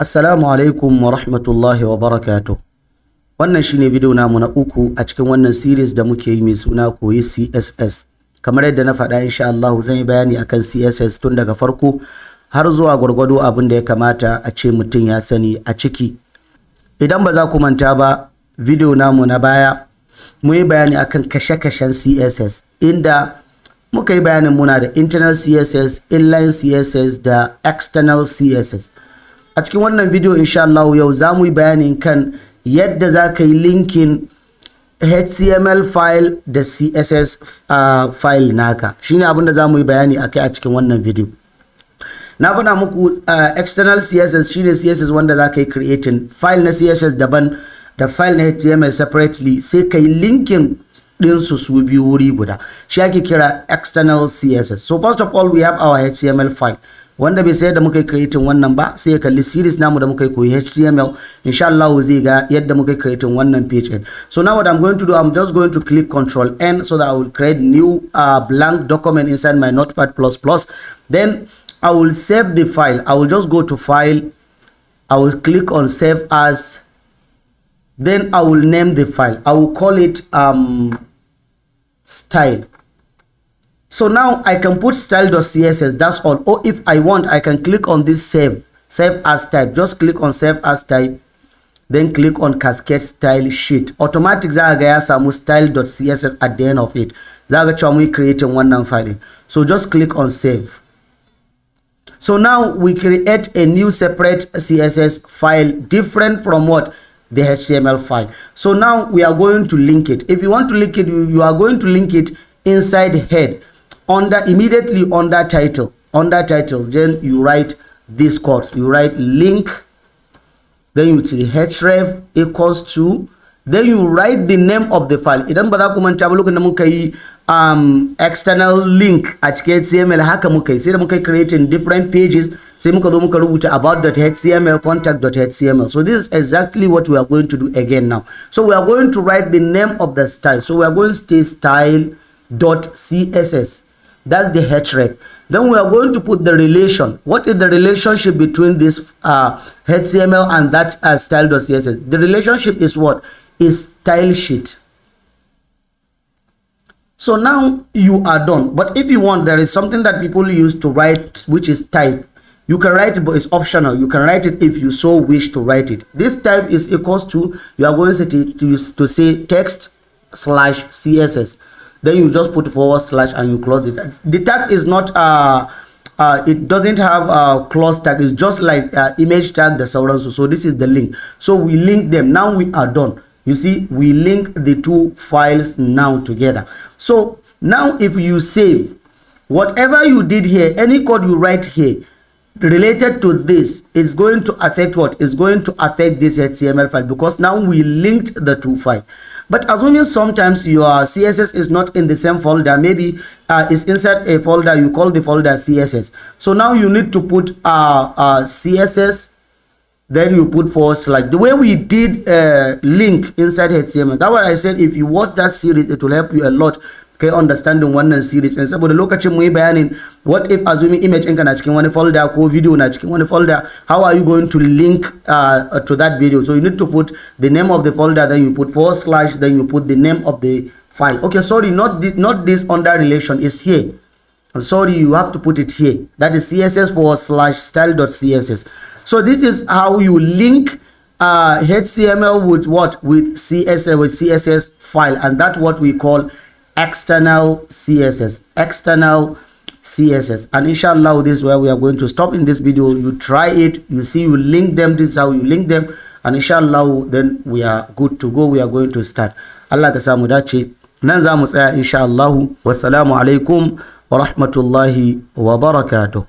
Assalamu alaikum wa rahmatullahi wa barakatuh. Wannan shine bidiyo namu na uku a cikin wannan series da muke yi mai suna koyi CSS. Kamar yadda na faɗa insha Allah zan yi bayani akan CSS tun daga farko har zuwa gwargwado abin da ya kamata a ce mutum ya sani a ciki. Idan ba za ku manta ba bidiyo namu na baya mu yi bayani akan kashe-kashen CSS inda muka yi bayanin muna da internal CSS, inline CSS da external CSS. a cikin wannan video insha Allah yau za mu yi bayanin kan yadda za ka yi linkin html file da css ah, file naka shine abin da za mu yi bayani a kai a cikin wannan video na faɗa muku uh, external css shine css wanda za ka yi creating file na css daban da file na html separately sai ka yi linkin ɗinsu su biyu wuri guda shi ake kira external css so first of all we have our html file wanda bai sayar da muka yi creating wannan ba sai ya kalli series namu da muka yi koyi html insha Allah zai ga yadda muka creating wannan page so now what i'm going to do i'm just going to click control n so that i will create new uh, blank document inside my notepad plus plus then i will save the file i will just go to file i will click on save as then i will name the file i will call it um style so now I can put style.css, that's all. Or if I want, I can click on this save, save as type. Just click on save as type, then click on cascade style sheet. Automatic za samu style.css at the end of it. Za ga cewa mun file. So just click on save. So now we create a new separate CSS file different from what? The HTML file. So now we are going to link it. If you want to link it, you are going to link it inside head under immediately under title under title then you write this course you write link then you say href equals to then you write the name of the file idan ba za ku manta ba lokacin da muka yi um, external link a cikin html haka muka yi sai da muka yi creating different pages sai muka zo muka rubuta about.html contact.html so this is exactly what we are going to do again now so we are going to write the name of the style so we are going to stay style.css that's the href. Then we are going to put the relation. What is the relationship between this uh, HTML and that uh, style.css? The relationship is what? Is style sheet. So now you are done. But if you want, there is something that people use to write, which is type. You can write it, but it's optional. You can write it if you so wish to write it. This type is equals to, you are going to, to, to say text slash CSS then you just put forward slash and you close the tag the tag is not uh uh, it doesn't have a close tag it's just like uh, image tag the sauransu so this is the link so we link them now we are done you see we link the two files now together so now if you save whatever you did here any code you write here related to this is going to affect what is going to affect this html file because now we linked the two file but assuming sometimes your css is not in the same folder maybe uh, is inside a folder you call the folder css so now you need to put uh, uh css then you put forward slash the way we did uh, link inside html that's what i said if you watch that series it will help you a lot kai understanding wannan series din saboda lokacin mu yi bayanin what if assuming image ɗinka na cikin wani folder ko video na cikin wani folder how are you going to link uh, to that video so you need to put the name of the folder then you put forward slash then you put the name of the file okay sorry not this, not this under relation is here I'm sorry you have to put it here that is css forward slash style.css so this is how you link uh, HTML with what with CSS with CSS file and that's what we call external css external css and inshallah this is where we are going to stop in this video you try it you see you link them this is how you link them and inshallah then we are good to go we are going to start allah ka samu dace nan za tsaya inshallah wassalamu alaikum wa rahmatullahi wa barakatuh